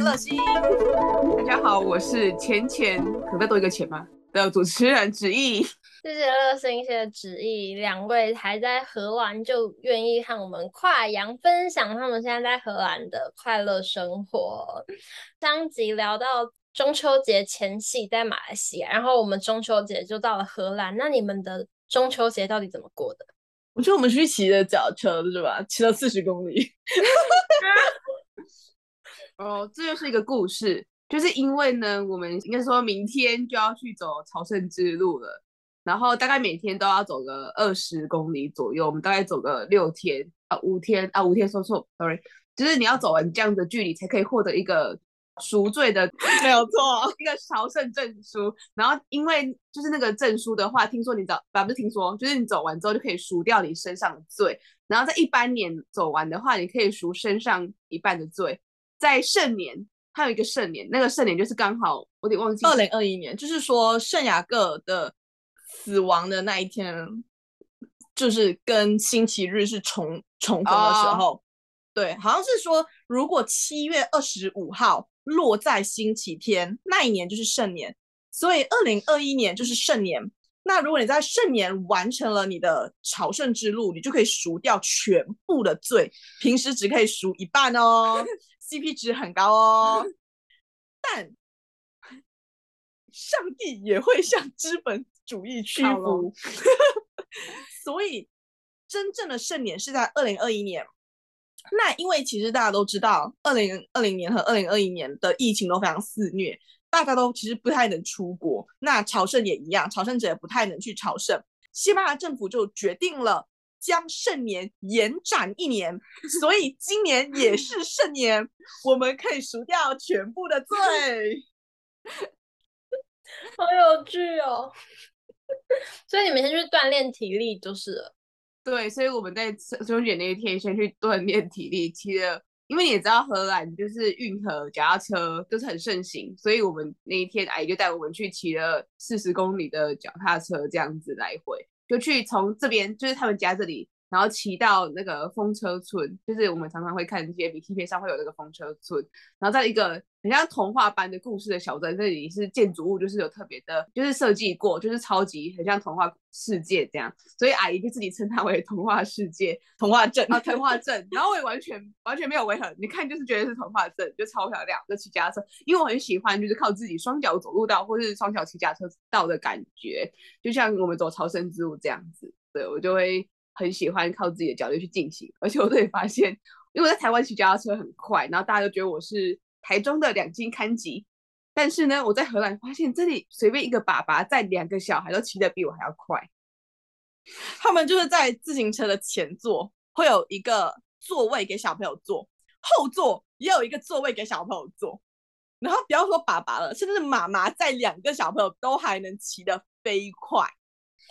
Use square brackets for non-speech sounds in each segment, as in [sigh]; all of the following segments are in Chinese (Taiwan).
樂馨，大家好，我是錢錢，可不可以多一個錢嗎？的主持人芷憶，謝謝樂馨，謝謝芷憶。兩位還在荷蘭就願意和我們跨洋分享他們現在在荷蘭的快樂生活。上集聊到中秋節前夕在馬來西亞，然後我們中秋節就到了荷蘭。那你們的中秋節到底怎麼過的？我說我們去騎的腳車，是吧？騎了四十公里。 [laughs] [laughs] 哦，這就是一個故事，就是因為呢，我們應該說明天就要去走朝聖之路了，然後大概每天都要走個二十公里左右，我們大概走個六天啊，五天啊，五天說錯，sorry，就是你要走完這樣的距離才可以獲得一個贖罪的，沒有錯， [laughs] 一個朝聖證書。然後因為就是那個證書的話，聽說你走，走、啊，不是聽說，就是你走完之後就可以贖掉你身上的罪，然後在一般年走完的話，你可以贖身上一半的罪。在聖年，還有一個聖年，那個聖年就是剛好，我得忘記。二零二一年，就是說聖雅各的死亡的那一天，就是跟星期日是重重逢的時候。Oh. 對，好像是說如果七月二十五號落在星期天，那一年就是聖年。所以二零二一年就是聖年。那如果你在聖年完成了你的朝聖之路，你就可以贖掉全部的罪，平時只可以贖一半哦。 [laughs] CP 值很高哦， [laughs] 但上帝也會向資本主義屈服， [laughs] [laughs] 所以真正的聖年是在二零二一年。那因為其實大家都知道，二零二零年和二零二一年的疫情都非常肆虐，大家都其實不太能出國，那朝聖也一樣，朝聖者也不太能去朝聖。西班牙政府就決定了。將聖年延展一年，所以今年也是聖年， [laughs] 我們可以贖掉全部的罪。 [laughs] 好有趣哦！ [laughs] 所以你們先去鍛鍊體力就是了。對，所以我們在中秋那一天先去鍛鍊體力，騎了，因為你也知道荷蘭就是運河、就是、運河腳踏車都、就是很盛行，所以我們那一天阿姨就帶我們去騎了四十公里的腳踏車，這樣子來回。就去從這邊，就是他們家這裡。然後騎到那個風車村，就是我們常常會看一些 B T P 上會有那個風車村，然後在一個很像童話般的故事的小鎮，這裡是建築物就是有特別的，就是設計過，就是超級很像童話世界這樣。所以阿姨就自己稱它為童話世界、童話鎮啊、哦，童話鎮。 [laughs] 然後我也完全完全沒有違和，你看就是覺得是童話鎮，就超漂亮。就騎腳踏車，因為我很喜歡就是靠自己雙腳走路到，或是雙腳騎腳踏車到的感覺，就像我們走朝聖之路這樣子。對，我就會。很喜歡靠自己的腳力去進行，而且我這會發現，因為我在台灣騎腳踏車很快，然後大家都覺得我是台中的兩津勘吉。但是呢，我在荷蘭發現，這裡隨便一個爸爸載兩個小孩都騎得比我還要快。他們就是在自行車的前座會有一個座位給小朋友坐，後座也有一個座位給小朋友坐。然後不要說爸爸了，甚至媽媽載兩個小朋友都還能騎得飛快。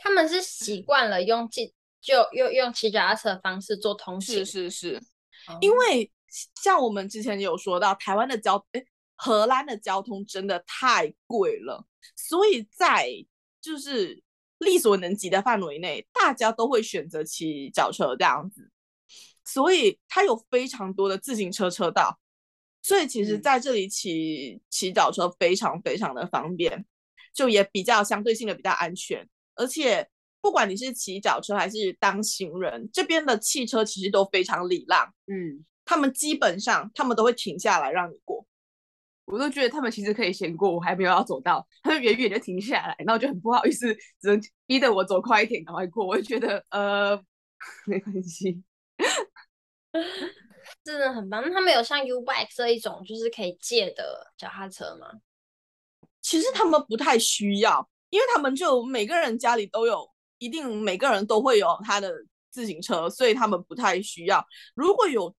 他們是習慣了用盡。就用又用騎腳踏車的方式做通勤，是是是，嗯、因為像我們之前有說到，台灣的交、誒、欸、荷蘭的交通真的太貴了，所以在就是力所能及的範圍內，大家都會選擇騎腳車這樣子，所以它有非常多的自行車車道，所以其實在這裡騎騎腳車非常非常的方便，就也比較相對性的比較安全，而且。不管你是騎腳車還是當行人，這邊的汽車其實都非常禮讓。嗯，他們基本上他們都會停下來讓你過。我都覺得他們其實可以先過，我還沒有要走到，他就遠遠就停下來，那我就很不好意思，只能逼得我走快一點趕快過。我就覺得呃，沒關係，真的很棒。那他們有像 U-bike 這一種就是可以借的腳踏車嗎？其實他們不太需要，因為他們就每個人家裡都有。一定每個人都會有他的自行車，所以他們不太需要。如果有，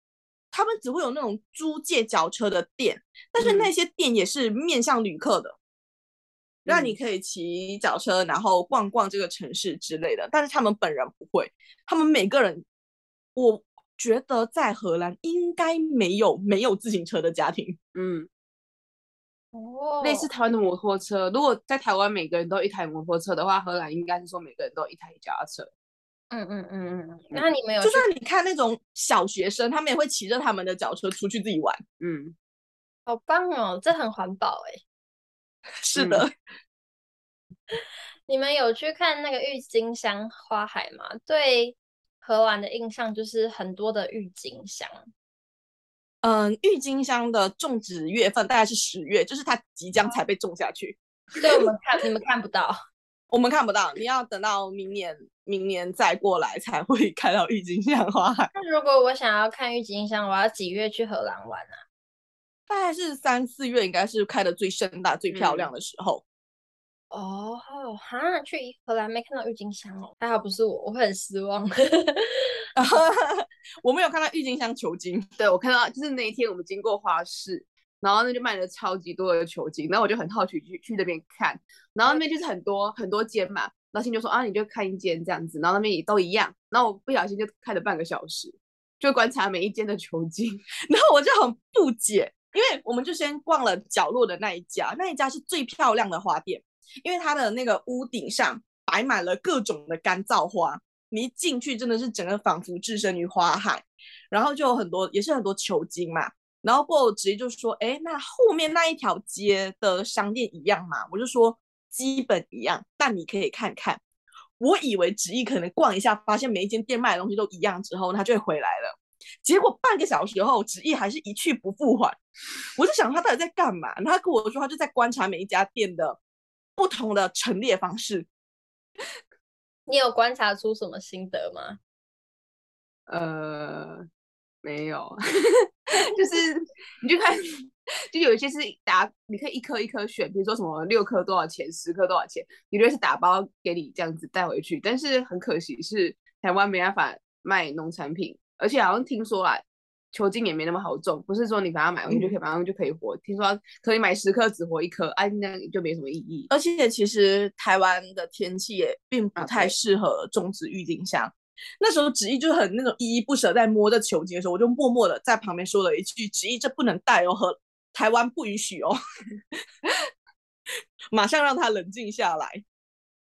他們只會有那種租借腳車的店，但是那些店也是面向旅客的，讓、嗯、你可以騎腳車然後逛逛這個城市之類的。嗯、但是他們本人不會，他們每個人，我覺得在荷蘭應該沒有沒有自行車的家庭。嗯。哦，oh. 類似台灣的摩托車，如果在台灣每個人都有一台摩托車的話，荷蘭應該是說每個人都有一台腳車。嗯嗯嗯嗯嗯。嗯嗯，那你們有就算你看那種小學生，他們也會騎着他們的腳車出去自己玩。嗯，好棒哦，這很環保哎、欸。是的。嗯、 [laughs] 你們有去看那個鬱金香花海嗎？對，荷蘭的印象就是很多的鬱金香。嗯，鬱金香的種植月份大概是十月，就是它即將才被種下去。對，我們看你們看不到， [laughs] 我們看不到，你要等到明年，明年再過來才會看到鬱金香花海。那如果我想要看鬱金香，我要幾月去荷蘭玩啊？大概是三四月，應該是開的最盛大、最漂亮的時候。嗯哦哈，oh, huh? 去荷蘭沒看到鬱金香哦，還不是我，我會很失望。 [laughs] [laughs] 我沒有看到鬱金香球莖。對，我看到就是那一天我們經過花市，然後那就賣了超級多的球莖，然後我就很好奇去去那邊看，然後那邊就是很多很多間嘛，樂馨就說啊，你就看一間這樣子，然後那邊也都一樣，然後我不小心就看了半個小時，就觀察每一間的球莖，然後我就很不解，因為我們就先逛了角落的那一家，那一家是最漂亮的花店。因為它的那個屋頂上擺滿了各種的乾燥花，你一進去真的是整個仿佛置身於花海，然後就有很多也是很多球莖嘛。然後過爾芷憶就說：“哎，那後面那一條街的商店一樣嘛？”我就說：“基本一樣。”但你可以看看。我以為芷憶可能逛一下，發現每一間店賣的東西都一樣之後，他就會回來了。結果半個小時後，芷憶還是一去不復返。我在想他到底在幹嘛？他跟我說，他就在觀察每一家店的，不同的陳列方式，你有觀察出什麼心得嗎？呃，沒有， [laughs] 就是你就看，就有一些是打，你可以一顆一顆選，比如說什麼六顆多少錢，十顆多少錢，有的是打包給你這樣子帶回去，但是很可惜是台灣沒辦法賣農產品，而且好像聽說啦。球莖也沒那麼好種，不是說你把它買回去就可以馬上、嗯、就可以活。聽說可以買十顆只活一顆，哎、啊，那就沒什麼意義。而且其實台灣的天氣也並不太適合種植鬱金香。Okay. 那時候芷憶就很那種依依不捨，在摸着球莖的時候，我就默默的在旁邊說了一句：“芷憶，這不能帶哦，和台灣不允許哦。 [laughs] ”馬上讓他冷靜下來。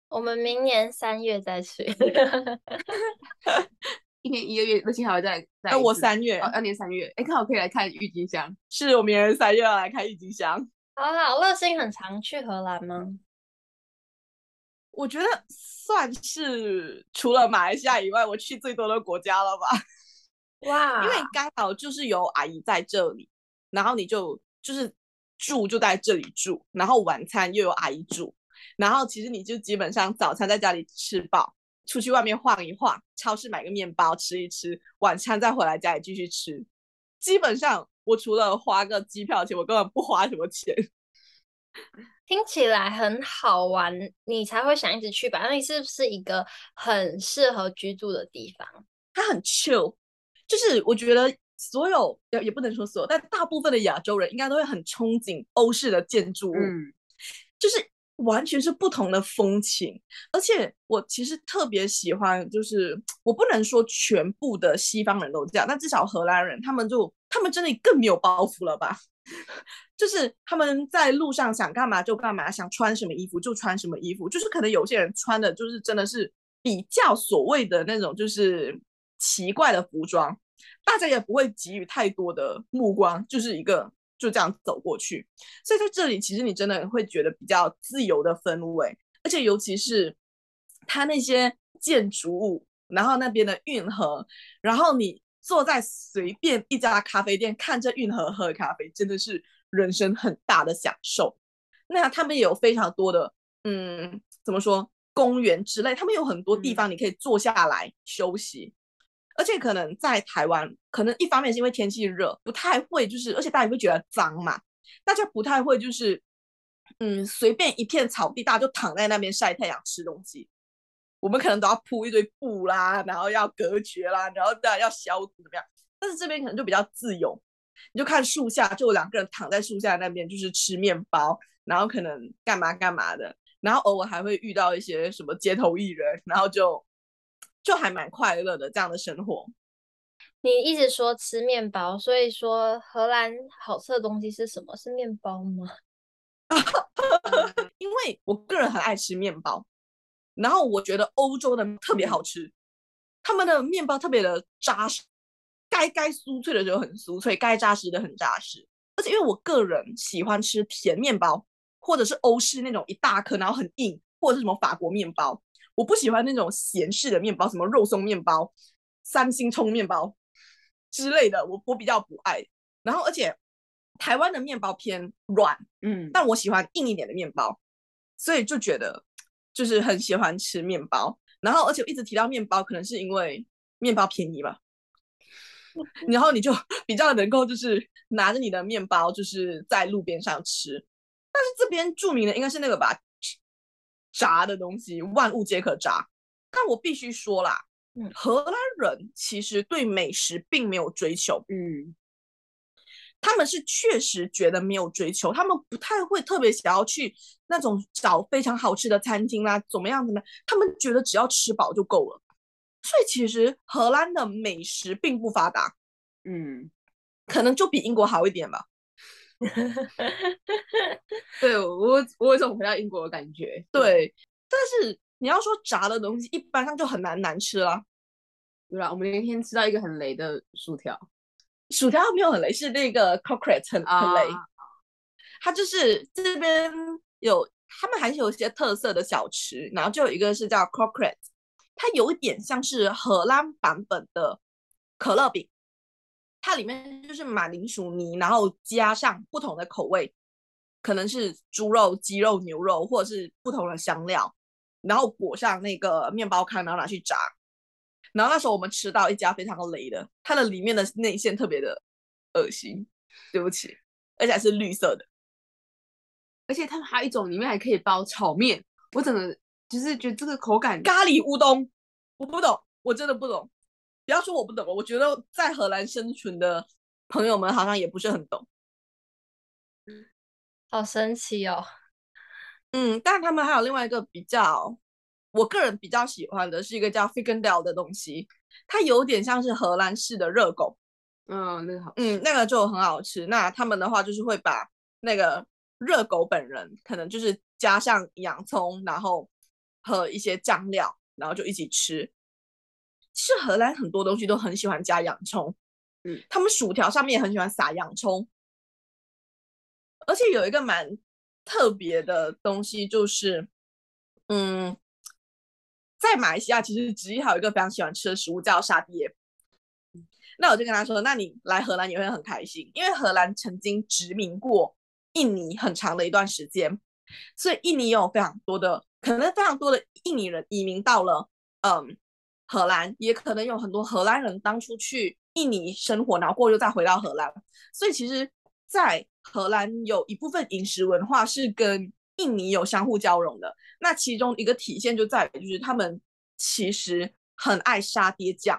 我們明年三月再去。 [laughs] [laughs] 今年一月，樂馨還會再，那、呃、我三月、哦，二年三月，哎，剛好可以來看鬱金香，是我明年三月要來看鬱金香啊。樂馨很常去荷蘭嗎？我覺得算是除了馬來西亞以外我去最多的國家了吧。哇，因為剛好就是有阿姨在這裡，然後你就就是住就在這裡住，然後晚餐又有阿姨煮，然後其實你就基本上早餐在家裡吃飽。出去外面晃一晃，超市買個麵包吃一吃，晚餐再回來家裡繼續吃。基本上我除了花個機票錢，我根本不花什麼錢。聽起來很好玩，你才會想一直去吧？那你是不是一個很適合居住的地方？它很 chill，就是我覺得所有也也不能說所有，但大部分的亞洲人應該都會很憧憬歐式的建築物，嗯、就是。完全是不同的風情，而且我其實特別喜歡，就是我不能說全部的西方人都這樣，但至少荷蘭人，他們就他們真的也更沒有包袱了吧？ [laughs] 就是他們在路上想幹嘛就幹嘛，想穿什麼衣服就穿什麼衣服，就是可能有些人穿的，就是真的是比較所謂的那種就是奇怪的服裝，大家也不會給予太多的目光，就是一個。就這樣走過去，所以在這裡其實你真的會覺得比較自由的氛圍，而且尤其是它那些建築物，然後那邊的運河，然後你坐在隨便一家咖啡店看着運河喝咖啡，真的是人生很大的享受。那他們也有非常多的，嗯，怎麼說，公園之類，他們有很多地方你可以坐下來休息。嗯。而且可能在台灣，可能一方面是因為天氣熱，不太會就是，而且大家也會覺得髒嘛，大家不太會就是，嗯，隨便一片草地大，大家就躺在那邊曬太陽吃東西。我們可能都要鋪一堆布啦，然後要隔絕啦，然後大家要消毒。怎麼樣？但是這邊可能就比較自由，你就看樹下就兩個人躺在樹下那邊就是吃麵包，然後可能幹嘛幹嘛的，然後偶爾還會遇到一些什麼街頭藝人，然後就。就還蠻快樂的這樣的生活。你一直說吃麵包，所以說荷蘭好吃的東西是什麼？是麵包嗎？ [laughs] 因為我個人很愛吃麵包，然後我覺得歐洲的特別好吃，他們的麵包特別的紮實，該該酥脆的就很酥脆，該紮實的很紮實。而且因為我個人喜歡吃甜麵包，或者是歐式那種一大顆，然後很硬，或者是什麼法國麵包。我不喜歡那種鹹式的麵包，什麼肉鬆麵包、三星蔥麵包之類的，我我比較不愛。然後，而且台灣的麵包偏軟，嗯，但我喜歡硬一點的麵包，所以就覺得就是很喜歡吃麵包。然後，而且我一直提到麵包，可能是因為麵包便宜吧。 [laughs] 然後你就比較能夠就是拿着你的麵包就是在路邊上吃。但是這邊著名的應該是那個吧。炸的東西，萬物皆可炸。但我必須說啦，嗯，荷蘭人其實對美食並沒有追求，嗯，他們是確實覺得沒有追求，他們不太會特別想要去那種找非常好吃的餐廳啦、啊，怎麼樣怎麼樣，他們覺得只要吃飽就夠了。所以其實荷蘭的美食並不發達，嗯，可能就比英國好一點吧。哈哈哈！ [laughs] [laughs] 對我，我有種回到英國的感覺。對，對但是你要說炸的東西，一般上就很難難吃了啊。對吧，我們那天吃到一個很雷的薯條，薯條沒有很雷，是那個 croquette 很很雷。啊、它就是這邊有，他們還是有一些特色的小吃，然後就有一個是叫 croquette，它有一點像是荷蘭版本的可樂餅。它裡面就是馬鈴薯泥，然後加上不同的口味，可能是豬肉、雞肉、牛肉，或者是不同的香料，然後裹上那個麵包糠，然後拿去炸。然後那時候我們吃到一家非常雷的，它的裡面的內餡特別的噁心，對不起，而且還是綠色的。而且它還有一種裡面還可以包炒麵，我整個就是覺得這個口感咖喱烏冬，我不懂，我真的不懂。不要說我不懂哦，我覺得在荷蘭生存的朋友們好像也不是很懂，好神奇哦，嗯，但他們還有另外一個比較，我個人比較喜歡的是一個叫 frikandel 的東西，它有點像是荷蘭式的熱狗，嗯，那個好，嗯，那個就很好吃。那他們的話就是會把那個熱狗本人，可能就是加上洋蔥，然後和一些醬料，然後就一起吃。是荷蘭，很多東西都很喜歡加洋蔥，嗯，他們薯條上面也很喜歡撒洋蔥，而且有一個蠻特別的東西就是，嗯，在馬來西亞其實姪子，有一個非常喜歡吃的食物叫沙爹，那我就跟他說，那你來荷蘭也會很開心，因為荷蘭曾經殖民過印尼很長的一段時間，所以印尼有非常多的可能非常多的印尼人移民到了，嗯。荷蘭也可能有很多荷蘭人當初去印尼生活，然後過又再回到荷蘭，所以其實，在荷蘭有一部分飲食文化是跟印尼有相互交融的。那其中一個體現就在於，就是他們其實很愛沙爹醬，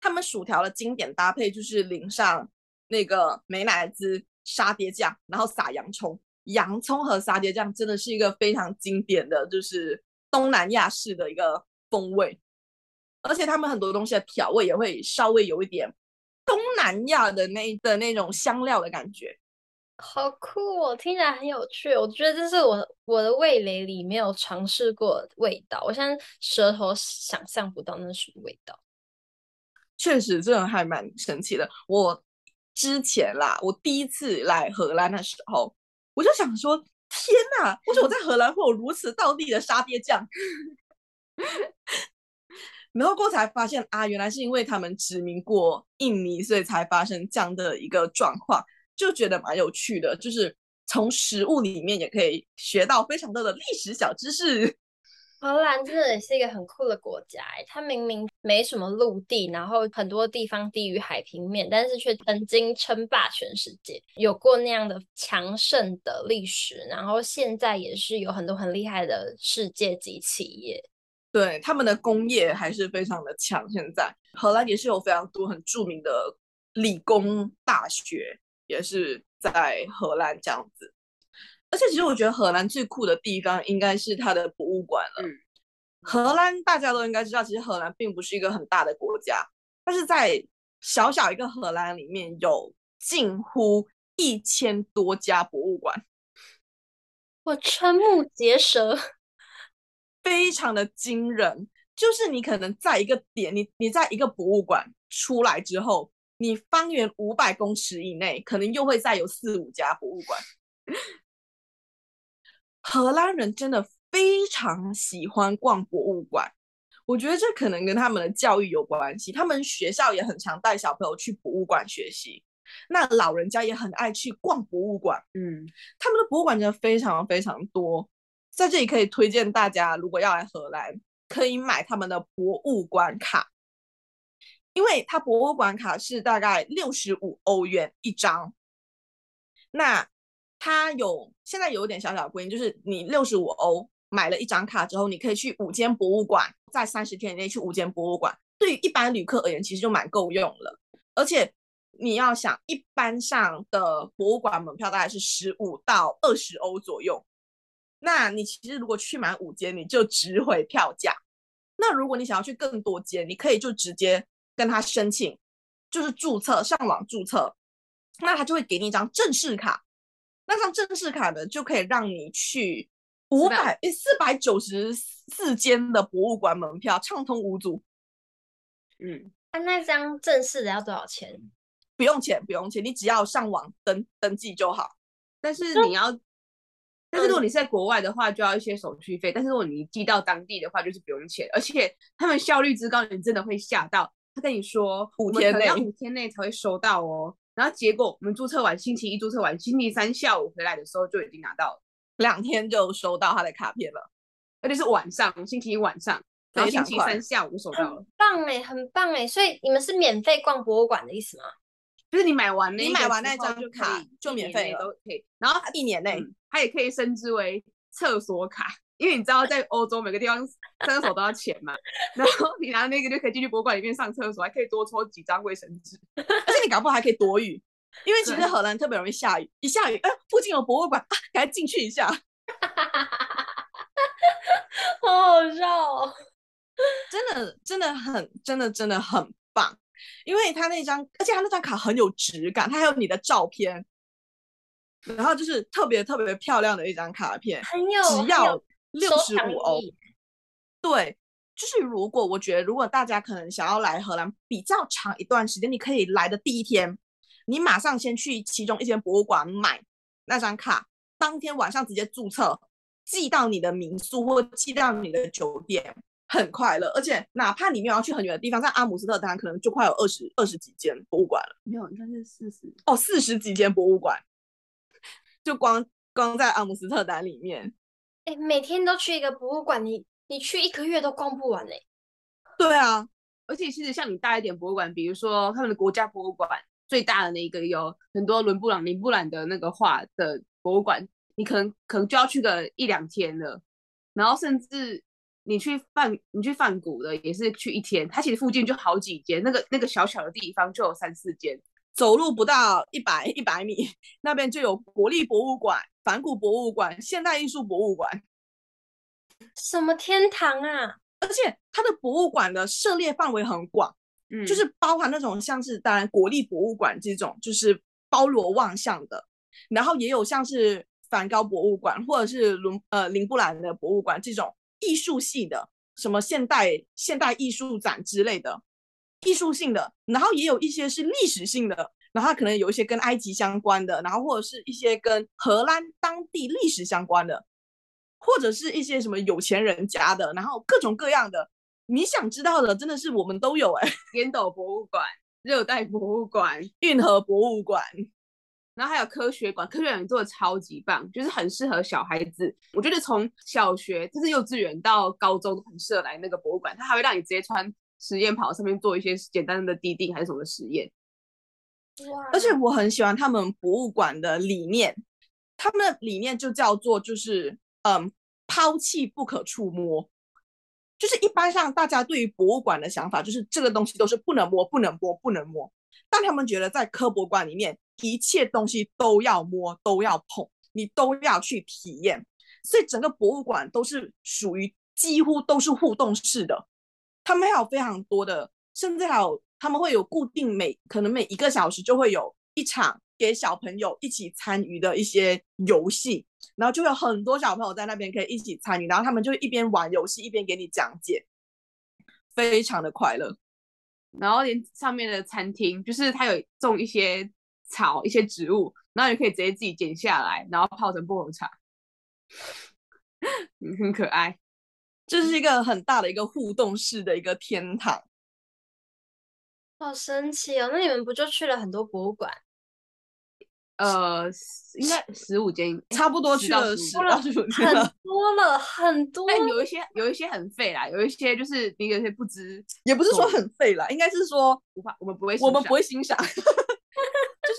他們薯條的經典搭配就是淋上那個美乃滋沙爹醬，然後撒洋蔥，洋蔥和沙爹醬真的是一個非常經典的就是東南亞式的一個風味。而且他們很多東西的調味也會稍微有一點東南亞的那的那種香料的感覺，好酷哦！聽起來很有趣。我覺得這是我我的味蕾裡沒有嘗試過味道，我現在舌頭想象不到那是什麼味道。確實，這種還蠻神奇的。我之前啦，我第一次來荷蘭的時候，我就想說：“天哪！”我說我在荷蘭會有如此道地的沙爹醬。 [laughs] 然後有過，才發現啊，原來是因為他們殖民過印尼，所以才發生這樣的一個狀況，就覺得蠻有趣的。就是從食物裡面也可以學到非常多的歷史小知識。荷蘭真的也是一個很酷的國家，它明明沒什麼陸地，然後很多地方低於海平面，但是卻曾經稱霸全世界，有過那樣的強盛的歷史。然後現在也是有很多很厲害的世界級企業。對，他們的工業還是非常的強，現在荷蘭也是有非常多很著名的理工大學，也是在荷蘭這樣子。而且其實我覺得荷蘭最酷的地方應該是它的博物館了。嗯，荷蘭大家都應該知道，其實荷蘭並不是一個很大的國家，但是在小小一個荷蘭裡面，有近乎一千多家博物館。我瞠目結舌。非常的驚人，就是你可能在一個點，你你在一個博物館出來之後，你方圓五百公尺以內，可能又會再有四五家博物館。荷蘭人真的非常喜歡逛博物館，我覺得這可能跟他們的教育有關係，他們學校也很常帶小朋友去博物館學習，那老人家也很愛去逛博物館，嗯，他們的博物館真的非常非常多。在這裡可以推薦大家，如果要來荷蘭，可以買他們的博物館卡，因為他博物館卡是大概六十五歐元一張。那他有現在有點小小規定，就是你六十五歐買了一張卡之後，你可以去五間博物館，在三十天內去五間博物館。對於一般旅客而言，其實就蠻夠用了。而且你要想，一般上的博物館門票大概是十五到二十歐左右。那你其實如果去滿五間，你就值回票價。那如果你想要去更多間，你可以就直接跟他申請，就是註冊上網註冊，那他就會給你一張正式卡。那張正式卡呢，就可以讓你去五百四百九十四間的博物館門票暢通無阻。嗯，那、啊、那張正式的要多少錢？不用錢，不用錢，你只要上網登登記就好。但是你要、嗯。但是如果你是在國外的話，就要一些手續費。但是如果你寄到當地的話，就是不用錢。而且他們效率之高，你真的會嚇到。他跟你說五天內，要五天內才會收到哦。然後結果我們注冊完，星期一注冊完，星期三下午回來的時候就已經拿到了，兩天就收到他的卡片了，而且是晚上，星期一晚上，然後星期三下午就收到了。嗯、棒哎，很棒哎！所以你們是免費逛博物館的意思嗎？就是你買完那，你買完那張卡就免費都可以，然後、啊、一年內、嗯、它也可以升級為廁所卡，因為你知道在歐洲每個地方上廁所都要錢嘛， [laughs] 然後你拿那個就可以進去博物館裡面上廁所，還可以多抽幾張衛生紙，而且你搞不好還可以躲雨，因為其實荷蘭特別容易下雨，對一下雨哎、呃，附近有博物館趕緊去一下， [laughs] 好好笑，哦，真的，真的真的很真的真的很棒。因為他那張，而且他那張卡很有質感，它還有你的照片，然後就是特別特別漂亮的一張卡片，有只要六十五歐。對，就是如果我覺得如果大家可能想要來荷蘭比較長一段時間，你可以來的第一天，你馬上先去其中一間博物館買那張卡，當天晚上直接注冊，寄到你的民宿或寄到你的酒店。很快樂，而且哪怕你沒有要去很遠的地方，在阿姆斯特丹可能就快有二十二十幾間博物館了。沒有，你看這四十哦，四十幾間博物館，就光光在阿姆斯特丹裡面，欸、每天都去一個博物館，你你去一個月都逛不完呢、欸。對啊，而且其實像你大一點博物館，比如說他們的國家博物館最大的那一個，有很多倫布朗、林布朗的那個畫的博物館，你可能可能就要去個一兩天了，然後甚至。你去梵你去梵谷的也是去一天，它其實附近就好幾間，那個那個小小的地方就有三四間，走路不到一百一百米，那邊就有國立博物館、梵谷博物館、現代藝術博物館，什麼天堂啊！而且它的博物館的涉獵範圍很廣，嗯，就是包含那種像是當然國立博物館這種就是包羅萬象的，然後也有像是梵高博物館或者是倫呃林布蘭的博物館這種。藝術系的，什麼現代現代藝術展之類的，藝術性的，然後也有一些是歷史性的，然後它可能有一些跟埃及相關的，然後或者是一些跟荷蘭當地歷史相關的，或者是一些什麼有錢人家的，然後各種各樣的，你想知道的真的是我們都有哎、欸，煙斗博物館、熱帶博物館、運河博物館。然後還有科學館，科學館做的超級棒，就是很適合小孩子。我覺得從小學就是幼稚園到高中都很適合來那個博物館。他還會讓你直接穿實驗袍上面做一些簡單的滴定還是什麼實驗。對啊哇，而且我很喜歡他們博物館的理念，他們的理念就叫做就是嗯拋棄不可觸摸，就是一般上大家對於博物館的想法就是這個東西都是不能摸，不能摸，不能摸，不能摸，但他們覺得在科博館裡面。一切東西都要摸，都要碰，你都要去體驗。所以整個博物館都是屬於幾乎都是互動式的。他們還有非常多的，甚至還有他們會有固定每可能每一個小時就會有一場給小朋友一起參與的一些遊戲，然後就會有很多小朋友在那邊可以一起參與，然後他們就一邊玩遊戲一邊給你講解，非常的快樂。然後連上面的餐廳，就是他有種一些。草一些植物，然後你可以直接自己剪下來，然後泡成薄荷茶， [laughs] 很可愛。這，就是一個很大的一個互動式的一個天堂，好，哦，神奇哦！那你們不就去了很多博物館？呃，應該十五間，差不多去了十五間了，了了多了，很多。哎，有一些有一些很廢啦，有一些就是你有些不知，也不是說很廢啦，應該是說我們不會，我們不會欣賞。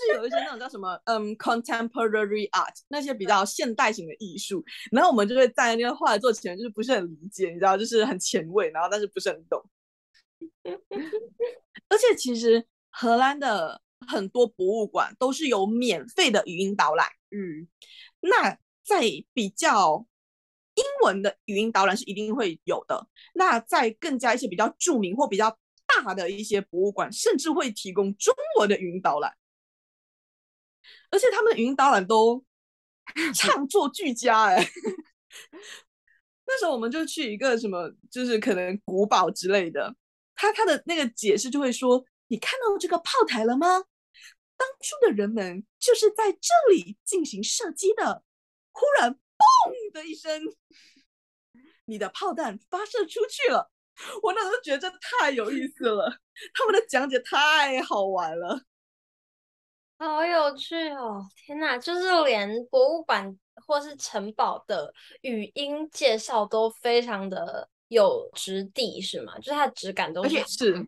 [laughs] 有一些那種叫什麼，嗯，um，contemporary art，那些比較現代型的藝術，然後我們就會在那個畫作前，就是不是很理解，你知道，就是很前衛，然後但是不是很懂。 [laughs] 而且其實荷蘭的很多博物館都是有免費的語音導覽，嗯，那在比較英文的語音導覽是一定會有的，那在更加一些比較著名或比較大的一些博物館，甚至會提供中文的語音導覽。而且他們的語音導覽都唱作俱佳哎， [laughs] 那時候我們就去一個什麼，就是可能古堡之類的，他他的那個解釋就會說：“你看到這個炮台了嗎？當初的人們就是在這裡進行射擊的。”忽然，嘣的一聲，你的炮彈發射出去了。我那時候覺得這太有意思了，他們的講解太好玩了。好有趣哦！天哪，就是連博物館或是城堡的語音介紹都非常的有質地，是嗎？就是它的質感都是，而且是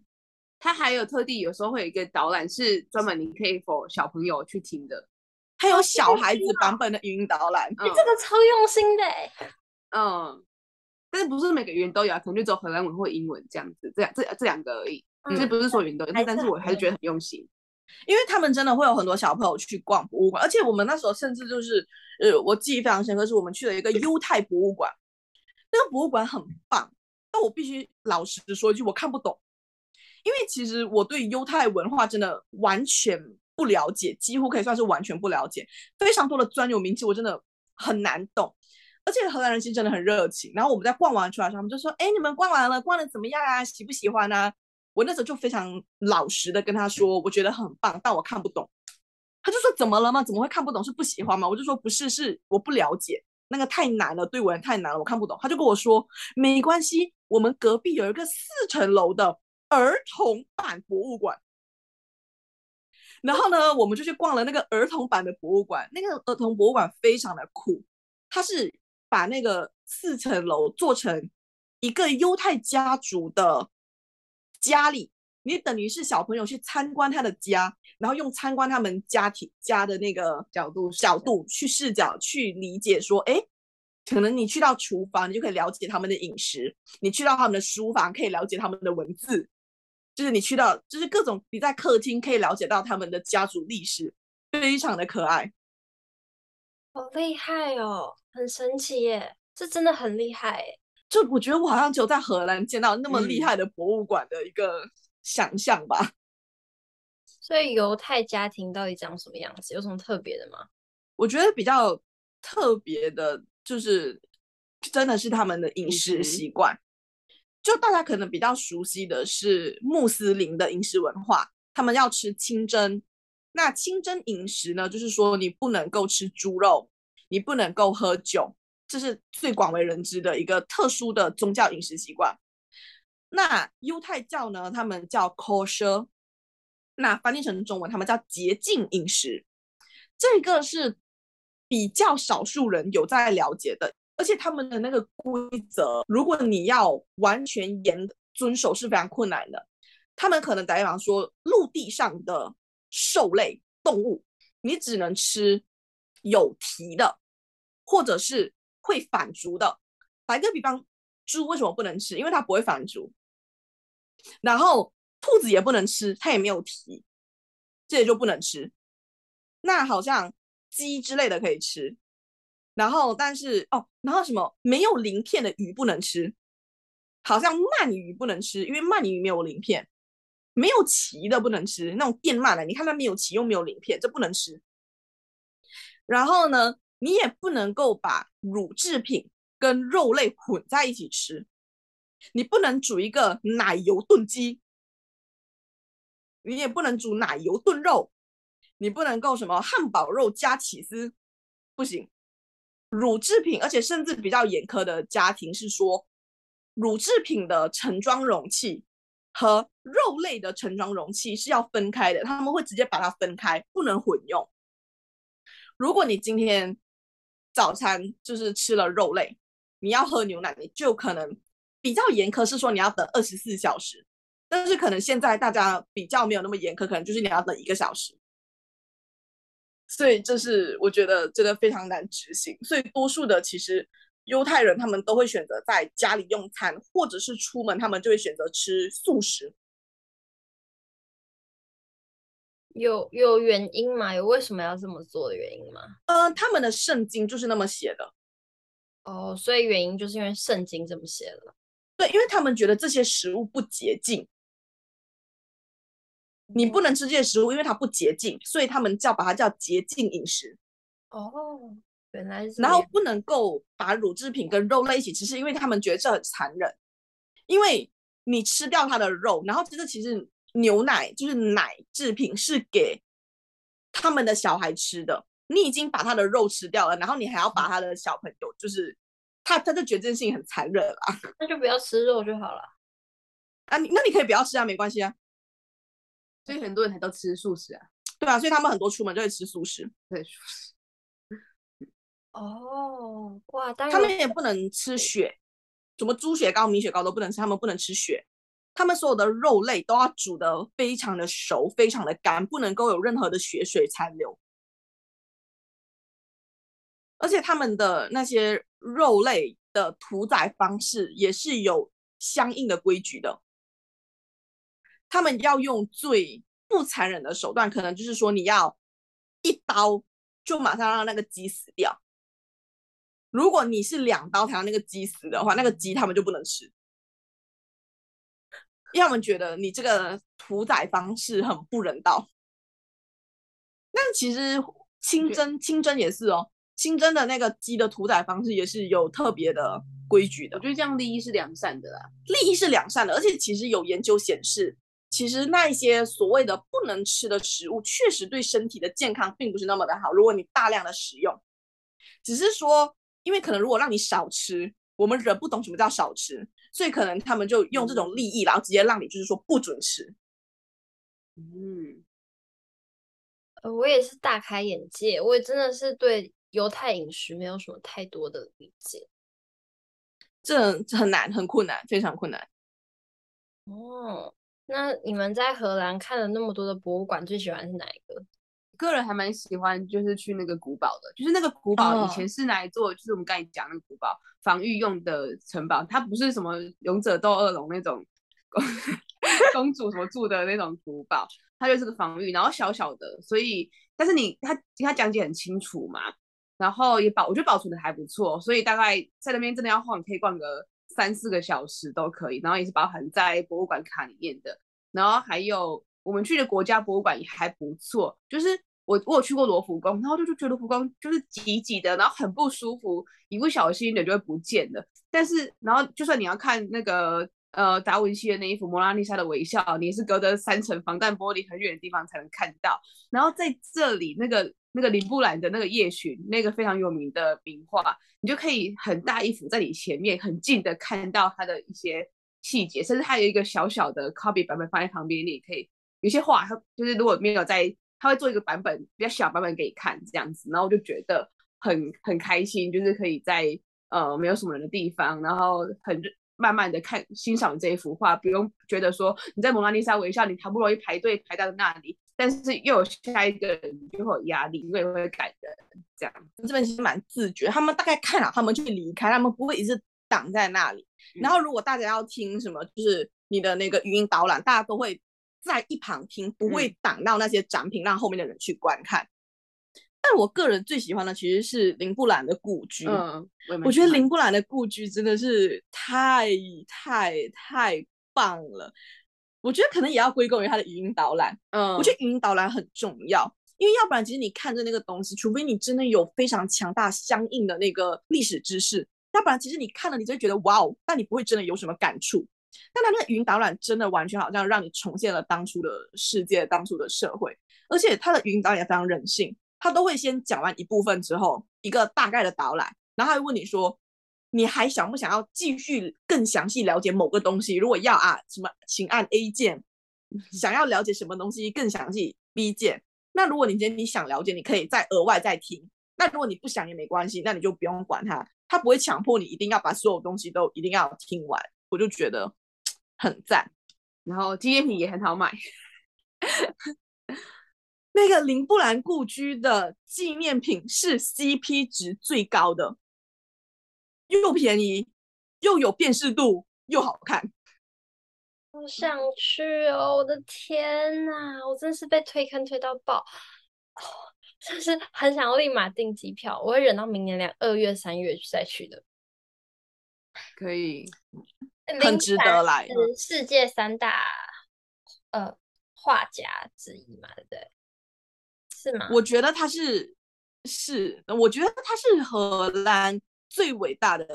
它還有特地，有時候會有一個導覽是專門你可以 for 小朋友去聽的，還有小孩子版本的語音導覽，啊嗯欸、這個超用心的、欸。嗯，但是不是每個語言都有，可能就只有荷蘭文或英文這樣子，這樣這這兩個而已，這、嗯、不是說語言都有，嗯、但是我還是覺得很用心。因為他們真的會有很多小朋友去逛博物館，而且我們那時候甚至就是，呃，我記憶非常深刻，是我們去了一個猶太博物館，那個博物館很棒，但我必須老實說一句，我看不懂，因為其實我對猶太文化真的完全不了解，幾乎可以算是完全不了解，非常多的專有名詞我真的很難懂，而且荷蘭人其實真的很熱情，然後我們在逛完出來他們就說，哎，你們逛完了，逛得怎麼樣啊？喜不喜歡啊？我那時候就非常老實的跟他說，我覺得很棒，但我看不懂。他就說怎麼了嘛？怎麼會看不懂？是不喜歡嗎？我就說不是，是我不了解，那個太難了，對我也太難了，我看不懂。他就跟我說沒關係，我們隔壁有一個四層樓的兒童版博物館。然後呢，我們就去逛了那個兒童版的博物館。那個兒童博物館非常的酷，它是把那個四層樓做成一個猶太家族的。家裡，你等於是小朋友去參觀他的家，然後用參觀他們家庭家的那個角度角度去視角去理解說，哎、欸，可能你去到廚房，你就可以了解他們的飲食；你去到他們的書房，可以了解他們的文字；就是你去到，就是各種你在客廳可以了解到他們的家族歷史，非常的可愛。好厲害哦，很神奇耶，這真的很厲害。就我覺得我好像只有在荷蘭見到那麼厲害的博物館的一個想象吧。所以猶太家庭到底長什麼樣子？有什麼特別的嗎？我覺得比較特別的就是，真的是他們的飲食習慣。就大家可能比較熟悉的是穆斯林的飲食文化，他們要吃清真。那清真飲食呢，就是說你不能夠吃豬肉，你不能夠喝酒。這是最廣為人知的一個特殊的宗教飲食習慣。那猶太教呢？他們叫 Kosher，那翻譯成中文他們叫潔淨飲食。這個是比較少數人有在了解的，而且他們的那個規則，如果你要完全嚴遵守是非常困難的。他們可能打比方說，陸地上的獸類動物，你只能吃有蹄的，或者是。會反芻的，打一個比方，豬為什麼不能吃？因為它不會反芻。然後兔子也不能吃，它也沒有蹄，這也就不能吃。那好像雞之類的可以吃。然後，但是哦，然後什麼沒有鱗片的魚不能吃，好像鰻魚不能吃，因為鰻魚沒有鱗片，沒有鰭的不能吃。那種電鰻的，你看它沒有鰭又沒有鱗片，這不能吃。然後呢？你也不能夠把乳制品跟肉類混在一起吃，你不能煮一個奶油燉雞，你也不能煮奶油燉肉，你不能夠什麼漢堡肉加起司，不行。乳制品，而且甚至比較嚴苛的家庭是說，乳制品的盛裝容器和肉類的盛裝容器是要分開的，他們會直接把它分開，不能混用。如果你今天，早餐就是吃了肉類，你要喝牛奶，你就可能比較嚴苛，是說你要等二十四小時。但是可能現在大家比較沒有那麼嚴苛，可能就是你要等一個小時。所以這是我覺得真的非常難執行。所以多數的其實猶太人他們都會選擇在家裡用餐，或者是出門他們就會選擇吃素食。有有原因嗎？有為什麼要這麼做的原因嗎？嗯、呃，他們的聖經就是那麼寫的。哦，oh, 所以原因就是因為聖經這麼寫的。對，因為他們覺得這些食物不潔淨，oh. 你不能吃這些食物，因為它不潔淨，所以他們叫把它叫潔淨飲食。哦，oh, 原來是。然後不能夠把乳制品跟肉類一起吃，是因為他們覺得這很殘忍，因為你吃掉它的肉，然後其實其實。牛奶就是奶製品，是給他們的小孩吃的。你已經把他的肉吃掉了，然後你還要把他的小朋友，就是他他的絕症性很殘忍啊！那就不要吃肉就好了。啊，你那你可以不要吃啊，沒關係啊。所以很多人才都吃素食啊，對吧？啊？所以他們很多出門就會吃素食，對素食。哦，哇，他們也不能吃血，什麼豬血糕、米血糕都不能吃，他們不能吃血。他們所有的肉類都要煮得非常的熟，非常的乾，不能夠有任何的血水殘留。而且他們的那些肉類的屠宰方式也是有相應的規矩的。他們要用最不殘忍的手段，可能就是說你要一刀就馬上讓那個雞死掉。如果你是兩刀才讓那個雞死的話，那個雞他們就不能吃。要麼覺得你這個屠宰方式很不人道，那其實清真清真也是哦，清真的那個雞的屠宰方式也是有特別的規矩的。我覺得這樣利益是良善的啦，利益是良善的，而且其實有研究顯示，其實那一些所謂的不能吃的食物，確實對身體的健康並不是那麼的好。如果你大量的食用，只是說，因為可能如果讓你少吃。我們人不懂什麼叫少吃，所以可能他們就用這種利益，然後直接讓你就是說不准吃。嗯，我也是大開眼界，我也真的是對猶太飲食沒有什麼太多的理解。這，這很難，很困難，非常困難。哦，oh, 那你們在荷蘭看了那麼多的博物館，最喜歡是哪一個？個人還蠻喜歡，就是去那個古堡的，就是那個古堡以前是來做，oh. 就是我們剛才講那個古堡防禦用的城堡，它不是什麼勇者鬥惡龍那種公主什麼住的那種古堡， [laughs] 它就是個防禦，然後小小的，所以但是你他他講解很清楚嘛，然後也保我覺得保存的還不錯，所以大概在那邊真的要晃，可以逛個三四個小時都可以，然後也是包含在博物館卡裡面的，然後還有我們去的國家博物館也還不錯，就是。我我有去過羅浮宮，然後就就覺得羅浮宮就是擠擠的，然後很不舒服，一不小心人就會不見了。但是，然後就算你要看那個呃達文西的那一幅《蒙娜麗莎的微笑》，你是隔着三層防彈玻璃很遠的地方才能看到。然後在這裡，那個那個林布蘭的那個《夜巡》，那個非常有名的名畫，你就可以很大一幅在你前面很近的看到它的一些細節，甚至它有一個小小的 copy 版本放在旁邊，你也可以。有些畫它就是如果沒有在他會做一個版本，比較小版本給你看，這樣子，然後我就覺得很很開心，就是可以在呃沒有什麼人的地方，然後很慢慢的看欣賞這一幅畫，不用覺得說你在蒙娜麗莎微笑，你好不容易排隊排到了那裡，但是又有下一個人，你就會有壓力，因為會感覺這樣子。這邊其實蠻自覺，他們大概看了他們就離開，他們不會一直擋在那裡。嗯，然後如果大家要聽什麼，就是你的那個語音導覽，大家都會。在一旁聽，不會擋到那些展品，讓後面的人去觀看。嗯，但我個人最喜歡的其實是林布蘭的故居。嗯，我覺得林布蘭的故居真的是太太太棒了。我覺得可能也要歸功於他的語音導覽。嗯，我覺得語音導覽很重要，因為要不然其實你看着那個東西，除非你真的有非常強大相應的那個歷史知識，要不然其實你看了你就會覺得哇哦，但你不會真的有什麼感觸。但他那他的語音導覽真的完全好像讓你重現了當初的世界，當初的社會，而且他的語音導覽非常人性，他都會先講完一部分之後，一個大概的導覽，然後他會問你說，你還想不想要繼續更詳細了解某個東西？如果要啊，什麼請按 A 鍵，想要了解什麼東西更詳細 B 鍵。那如果你今天你想了解，你可以再額外再聽。那如果你不想也沒關係，那你就不用管它，它不會強迫你一定要把所有東西都一定要聽完。我就覺得很讚，然後紀念品也很好買。 [laughs] 那個林布蘭故居的紀念品是 CP 值最高的，又便宜又有辨識度，又好看。好想去哦！我的天哪，我真是被推坑推到爆，哦、真是很想要立馬訂機票。我會忍到明年兩二月、三月就再去的。可以。很值得來，欸、世界三大呃畫家之一嘛，對不對？是嗎？我覺得他是，是，我覺得他是荷蘭最偉大的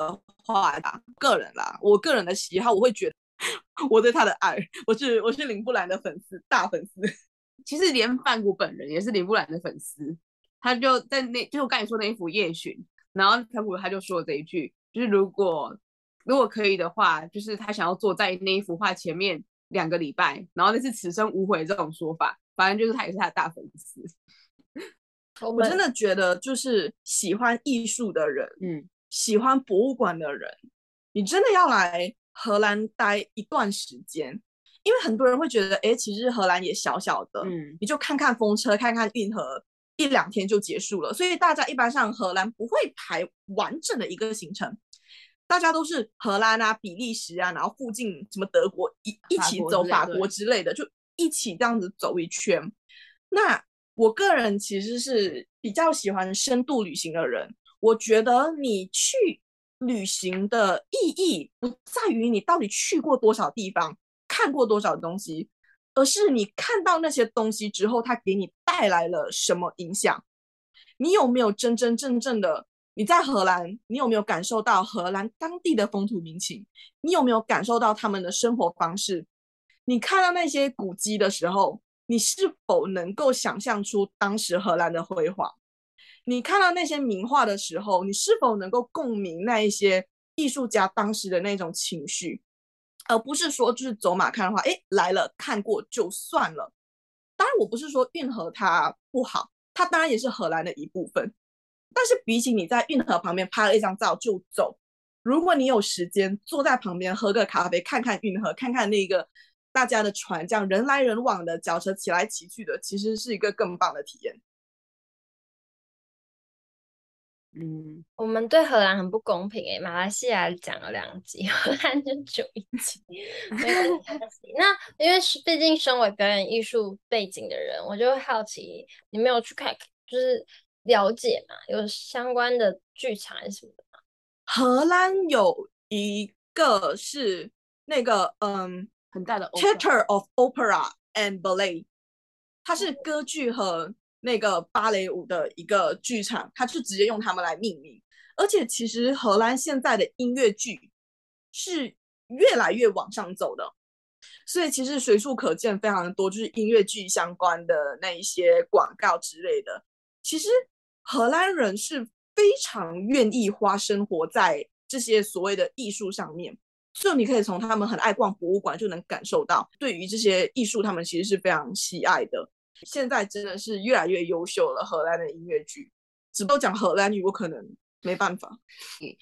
畫家，個人啦，我個人的喜好，我會覺得 [laughs] 我對他的愛，我是我是林布蘭的粉絲，大粉絲。 [laughs] 其實連梵谷本人也是林布蘭的粉絲，他就在那，就是我剛才說那一幅夜巡，然後梵谷他就說了這一句，就是如果。如果可以的話，就是他想要坐在那一幅畫前面兩個禮拜，然後那是此生無悔這種說法。反正就是他也是他的大粉絲。我真的覺得，就是喜歡藝術的人，嗯，喜歡博物館的人，你真的要來荷蘭待一段時間。因為很多人會覺得，哎，其實荷蘭也小小的，嗯，你就看看風車，看看運河，一兩天就結束了。所以大家一般上荷蘭不會排完整的一個行程。大家都是荷蘭啊、比利時啊，然後附近什麼德國，一一起走法國之類的，類的就一起這樣子走一圈。那我個人其實是比較喜歡深度旅行的人。我覺得你去旅行的意義不在於你到底去過多少地方、看過多少東西，而是你看到那些東西之後，它給你帶來了什麼影響。你有沒有真真正正的？你在荷蘭，你有沒有感受到荷蘭當地的風土民情？你有沒有感受到他們的生活方式？你看到那些古蹟的時候，你是否能夠想象出當時荷蘭的輝煌？你看到那些名畫的時候，你是否能夠共鳴那一些藝術家當時的那種情緒？而不是說就是走馬看花，誒，來了看過就算了。當然，我不是說運河它不好，它當然也是荷蘭的一部分。但是比起你在運河旁邊拍了一張照就走，如果你有時間坐在旁邊喝個咖啡，看看運河，看看那個大家的船這樣人來人往的，腳車騎來騎去的，其實是一個更棒的體驗。嗯，我們對荷蘭很不公平哎、欸，馬來西亞講了兩集，荷蘭就一集， [laughs] 沒那因為畢竟身為表演藝術背景的人，我就會好奇，你沒有去看就是。了解嘛？有相關的劇場什麼的嗎？荷蘭有一個是那個嗯很大的 Theater of Opera and Ballet，它是歌劇和那個芭蕾舞的一個劇場，它是直接用它們來命名。而且其實荷蘭現在的音樂劇是越來越往上走的，所以其實隨處可見非常多就是音樂劇相關的那一些廣告之類的，其實。荷蘭人是非常願意花生活在這些所謂的藝術上面，所以你可以從他們很愛逛博物館就能感受到，對於這些藝術他們其實是非常喜愛的。現在真的是越來越優秀了，荷蘭的音樂劇。只不過講荷蘭語，我可能沒辦法。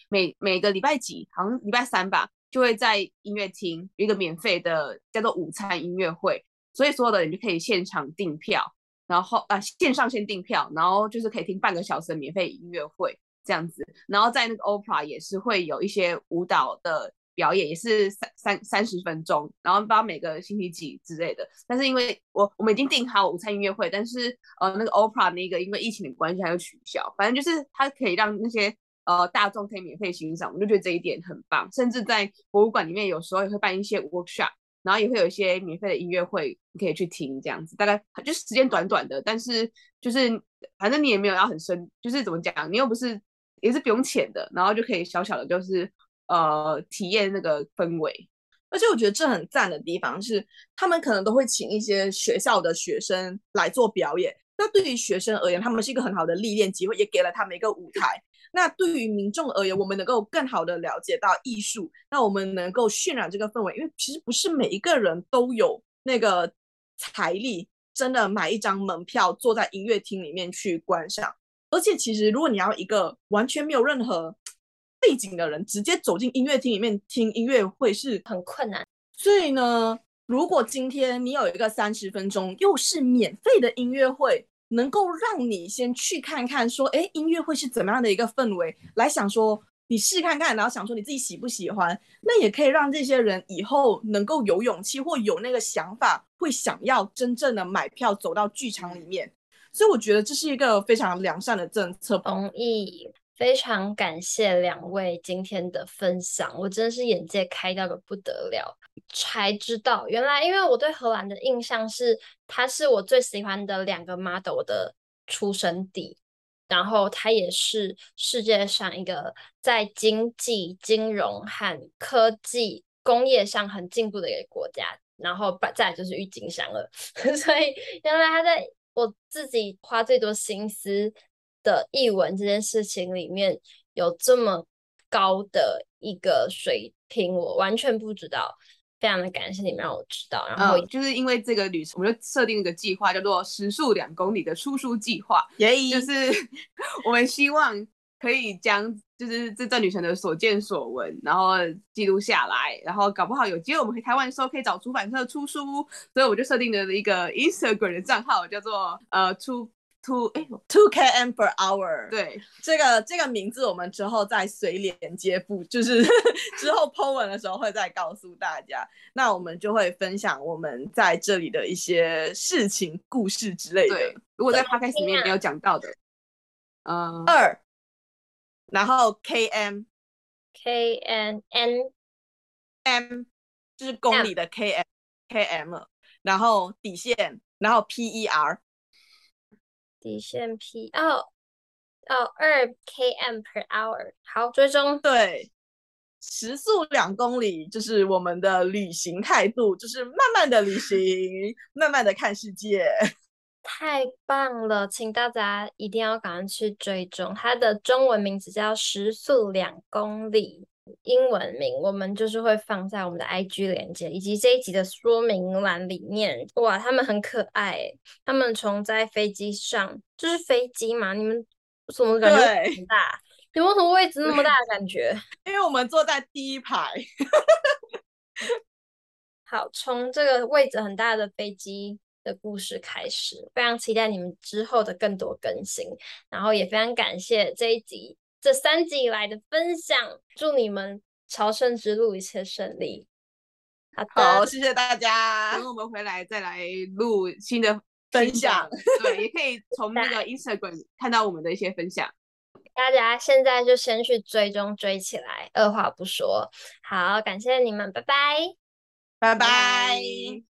每每個禮拜幾，好像禮拜三吧，就會在音樂廳一個免費的叫做午餐音樂會，所以所有的人就可以現場訂票。然後啊、呃、線上先訂票，然後就是可以聽半個小時的免費音樂會這樣子，然後在那個 Opera 也是會有一些舞蹈的表演，也是三三三十分鐘，然後不知道每個星期幾之類的。但是因為我我們已經訂好午餐音樂會，但是呃那個 Opera 那個因為疫情的關係還要取消，反正就是它可以讓那些呃大眾可以免費欣賞，我就覺得這一點很棒。甚至在博物館裡面有時候也會辦一些 workshop。然後也會有一些免費的音樂會，你可以去聽這樣子，大概就是時間短短的，但是就是反正你也沒有要很深，就是怎麼講，你又不是也是不用錢的，然後就可以小小的就是呃體驗那個氛圍。而且我覺得這很讚的地方是，他們可能都會請一些學校的學生來做表演。那對於學生而言，他們是一個很好的歷練機會，也給了他們一個舞台。那對於民眾而言，我們能夠更好的了解到藝術，那我們能夠渲染這個氛圍，因為其實不是每一個人都有那個財力，真的買一張門票坐在音樂廳裡面去觀賞。而且，其實如果你要一個完全沒有任何背景的人，直接走進音樂廳裡面聽音樂會是很困難。困難。所以呢，如果今天你有一個三十分鐘又是免費的音樂會，能夠讓你先去看看，說，哎，音樂會是怎麼樣的一個氛圍，來想說你試看看，然後想說你自己喜不喜歡，那也可以讓這些人以後能夠有勇氣或有那個想法，會想要真正的買票走到劇場裡面。所以我覺得這是一個非常良善的政策。同意，非常感謝兩位今天的分享，我真的是眼界開到的不得了。才知道原來，因為我對荷蘭的印象是，它是我最喜歡的兩個 model 的出生地，然後它也是世界上一個在經濟、金融和科技、工業上很進步的一個國家，然後再就是鬱金香了。所以原來它在我自己花最多心思的藝文這件事情裡面有這麼高的一個水平，我完全不知道。非常的感謝你們讓我知道，然後、uh, 就是因為這個旅程，我們就設定了一個計劃，叫做時速兩公里的出書計劃。Yeah. 就是我們希望可以將就是這段旅程的所見所聞，然後記錄下來，然後搞不好有機會我們回台灣的時候可以找出版社出書，所以我就設定了一個 Instagram 的賬號，叫做呃出。Two two km per hour。對，這個這個名字我們之後再隨連接不，就是之後 Po 文的時候會再告訴大家。那我們就會分享我們在這裡的一些事情、故事之類的。如果在 podcast 裡面沒有講到的，嗯。二，然後 km，k n n m，就是公里的 km km，然後底線，然後 per。底線 P.O.、Oh, 到、oh, 二 km per hour，好，追蹤。對，時速兩公里就是我們的旅行態度，就是慢慢的旅行， [laughs] 慢慢的看世界。太棒了，請大家一定要趕快去追蹤。它的中文名字叫“時速兩公里”。英文名，我們就是會放在我們的 IG 鏈接以及這一集的說明欄裡面。哇，他們很可愛。他們從在飛機上，就是飛機嘛，你們怎麼感覺很大？有沒對有什麼位置那麼大的感覺？因為我們坐在第一排。 [laughs] 好，從這個位置很大的飛機的故事開始，非常期待你們之後的更多更新。然後也非常感謝這一集，這三集以來的分享，祝你們朝聖之路一切順利。好的，謝謝大家。等 [laughs] 我們回來再來錄新的分享，分享 [laughs] 對，也可以從那個 Instagram 看到我們的一些分享。大家現在就先去追蹤追起來，二話不說。好，感謝你們，拜拜，拜拜。